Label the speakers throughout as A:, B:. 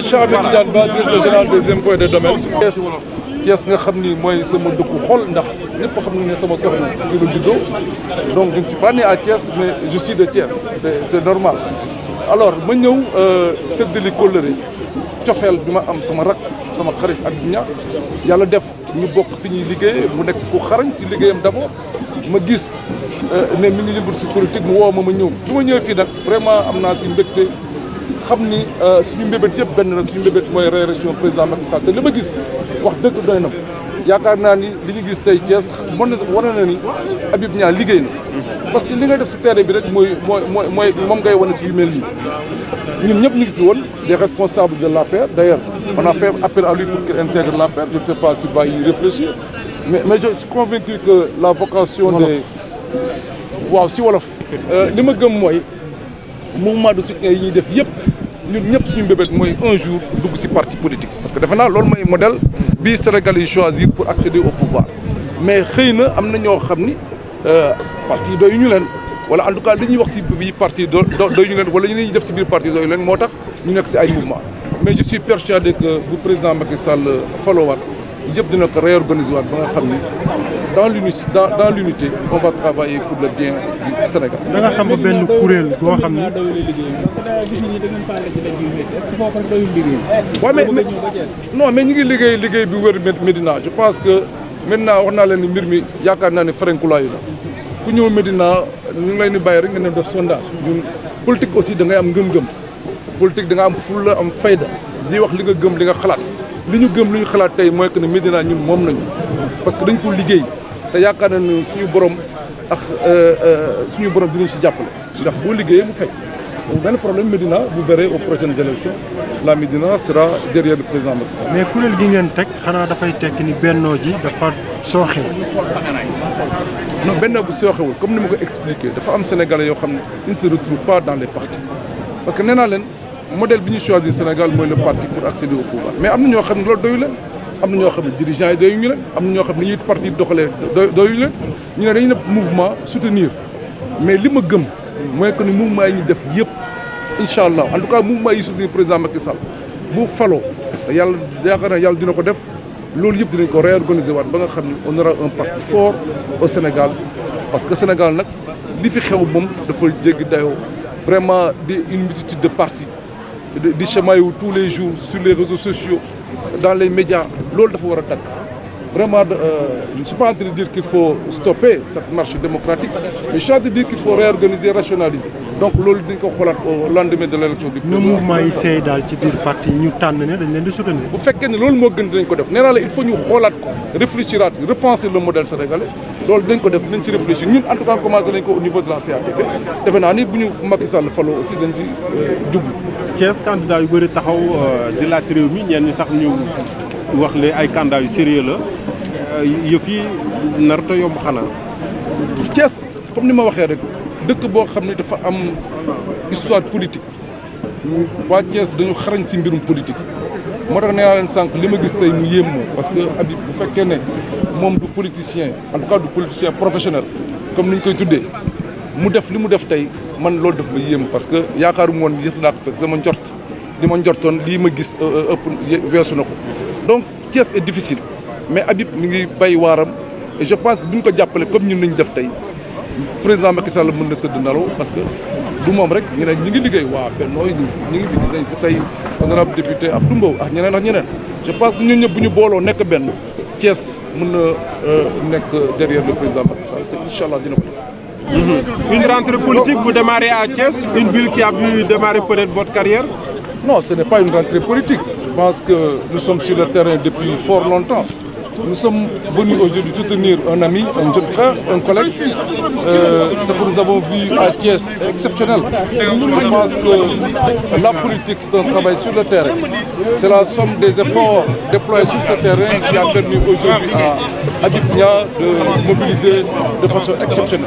A: tey Cheikh Ahmed Tidiane Ba directeur général des impôts et des domaines. Thiès Thiès nga xam ni mooy sama dëkku xol ndax ñëpp xam nañ ne sama soxna fi la juddoo donc je ne suis pas à Thiès mais je suis de Thiès c'est c'est normal. alors ma ñëw euh, feddali kóllëre cofeel bi ma am sama rak sama xarit ak ña yàlla def ñu bokk fi ñuy liggéey mu nekk ku xarañ ci liggéeyam d'abord ma gis euh, ne mi ngi yëngu ci politique mu woo ma ma ñëw. bi ma ñëwee fii nag vraiment am naa ci mbégte. xam ni euh, suñu mbébét yëpp benn la suñu mbébét mooy réélection président Macky Sall te li ma gis wax dëgg doy na yaakaar naa ni li ñu gis tey Thiès mën na war na ni Habib Niang liggéey na. parce que li ngay def si terrain bi rek mooy mooy mooy moom ngay wane si yu mel ñun ñëpp ñu ngi fi woon des responsables de l'APR d'ailleurs on a fait appel à lui pour qu'il intègre l'APR je ne sais pas s'il va y réfléchir mais je suis convaincu que la vocation des waaw si wolof euh, li ma gëm mooy mouvement de soutien yi ñuy def yëpp ñun ñëpp suñu mbébét mooy un jour dugg ci parti politique parce que defe naa loolu mooy modèle bii Sénégal choisir pour accéder au pouvoir mais xëy na am na ñoo xam ni euh, parti yi doy ñu leen wala en tout cas li ñuy wax ci biir parti doy ñu leen wala ñu ñuy def ci biir parti doy leen moo tax ñu nekk ci ay mouvement mais je suis persuadé que bu président Macky Sall euh, yëpp dina ko réorganiser waat ba nga xam ni dans l' unité dans l' unité on va travailler pour le bien du Sénégal. da nga xam benn kuréel boo xam ni. no mais non mais ñu ngi liggéey liggéey bi wër Médina je pense que maintenant wax naa leen ni mbir mi yaakaar naa ne ferenkulaayu la ku ñëw Médina ñu ngi lay ni bàyyi rek nga ne def sondage ñun politique aussi da am ngëm-ngëm politique da nga am fulla am fayda. di wax li nga gëm li nga xalaat li ñu gëm li ñu xalaat tey mooy que ne Médina ñun moom nañu parce que dañ ko liggéey te yaakaar na ne suñu borom ak euh, euh, suñu borom dinañ si jàppale ndax boo liggéeyee mu fekk donc benn problème Médina vous verrez aux prochaines élections la Médina sera derrière le président Macky Sall. mais kuréel gi ngeen teg xanaa dafay tekki ni bennoo ji dafa sooxe. non bennoo bu sooxewul comme ni ma ko expliqué dafa am sénégalais yoo xam ne ils ne se retrouvent pas dans les partis parce que nee naa modèle bi ñu choisir Sénégal mooy le parti pour accéder au pouvoir mais am na ñoo xam ne loolu doyu leen am na ñoo xam ne dirigeants yi doyuñu leen ñoo xam ne ñuy parti doxalee doyuñu leen ñu ne dañu def mouvement soutenir mais li ma gëm mooy que ni mouvement yi ñu def yëpp incha allah en tout cas mouvement yi soutenir président Macky Sall bu faloo yàlla yaakaar yàlla dina ko def loolu yëpp dinañ ko réorganiser waat ba nga xam ne on aura un parti au Sénégal parce que Sénégal nag li fi xew moom dafa jéggi dayoo vraiment di une multitude de partis di chamayu tous les jours sur les réseaux sociaux dans les médias loolu dafa war a tàkk vraiment euh, je ne suis pas en train de dire qu'il faut stopper cette marche démocratique mais je suis en train de dire qu'il faut réorganiser rationaliser donc loolu dañ ko xoolaat au lendemain de l'élection bi ne mouvement yi seey daal ci biir parti ñu tànn ne dañ leen di soutenir bu fekkee ne loolu moo gën dinañ ko def nee la il faut ñu xoolaat ko réfléchiraat repenser loolu dañ ko def dinañ ci réfléchir ñun en tout cas commencé nañ ko au niveau de la CRTP defe naa ni bu ñu Macky Sall faloo aussi dañ ci euh, jublu. Thiès candidat yu bëri taxaw euh, di laaj réew mi ñenn ñi sax ñu wax le ay candidat yu sérieux la euh, yëf yi narta yomb xanaa. Thiès comme ni ma waxee rek dëkk boo xam ne dafa am histoire politique waa Thiès dañu xarañ si mbirum politique. moo tax nee naa leen sànq li ma gis tey mu yéem parce que Habib bu fekkee ne moom du politicien en tout cas du politicien professionnel comme ni ñu koy tuddee mu def li mu def tey man loolu def ma yéem parce que yaakaaruma woon yëf naa ko fekk sama njort li ma njortoon lii ma gis euh, euh, ëpp weesu na ko donc Thiès et difficile mais Habib mi ngi bay waaram et je pense que bu ñu ko jàppale comme ñu ñun nañu def tey président Macky Sall mun na tëdd nalaw parce que du moom rek ñu ne ñu ngi liggéey waa Benno yi ñu ngi fi gis nañ fi tey honorable ñeneen ak ñeneen je pense que ñun ñëpp bu ñu booloo nekk benn Thiès mën na euh, nekk derrière le président Macky Sall te incha allah dina ko def. Mhm. Une rentrée politique, vous démarrez à Thiès, une ville qui a vu démarrer peut-être votre carrière Non, ce n'est pas une rentrée politique. Je pense que nous sommes sur le terrain depuis fort longtemps. Nous sommes venus aujourd'hui soutenir un ami, un jeune frère, un collègue. Euh, ce que nous avons vu à Thiès est exceptionnel. que la politique, c'est travail sur le terrain. C'est la somme des efforts déployés sur ce terrain qui a permis aujourd'hui à Abidjan de mobiliser de façon exceptionnelle.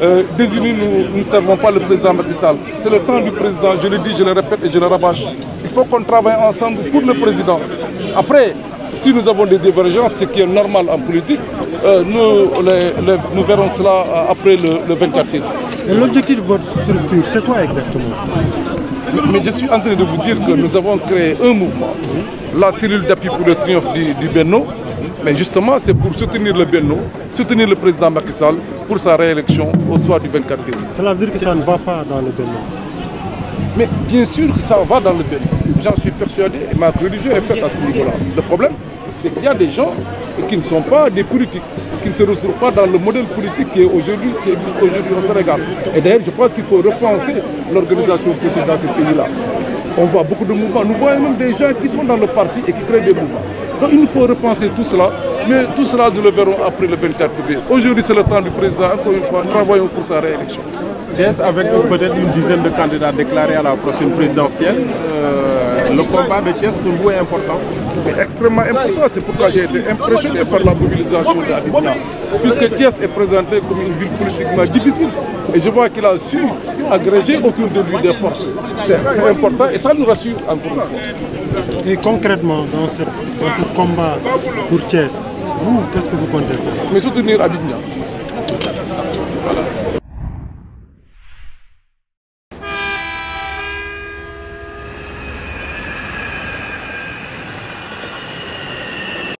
A: Euh, désunis, nous, nous, ne servons pas le président Macky Sall. C'est le temps du président, je le pour le président. Après, si nous avons des divergences, ce qui est normal en politique, euh, nous, les, les, nous, verrons cela euh, après le, le 24 février. Et l'objectif de votre structure, c'est quoi exactement mais je suis en la cellule d'appui pour le triomphe du, Benno. Mais justement, c'est pour soutenir soutenir le président Macky Sall pour sa réélection au soir du 24 février. Cela veut dire que ça ne va pas dans le Bénin Mais bien sûr que ça va dans le Bénin. J'en suis persuadé et ma religion est faite à ce niveau-là. Le problème, c'est qu'il y a des gens qui ne sont pas des politiques, qui ne se dans le Sénégal. Et d'ailleurs, je pense qu'il faut repenser l'organisation politique dans ce pays-là. On voit beaucoup de mouvements. Nous Mais tout cela, nous le verrons après le 24 février. Aujourd'hui, c'est le temps du président. Encore une fois, travaillons pour sa réélection. Thiès, avec peut-être une dizaine de candidats déclarés à la prochaine présidentielle, euh, le combat de Thiès pour vous est important c'est pourquoi j'ai été impressionné par la mobilisation de Abidjan. Puisque Thiès est présentée comme une ville politiquement difficile, et C'est important et ça nous rassure encore pour Vous, qu'est-ce que vous comptez faire Mais soutenir Abidjan. Voilà.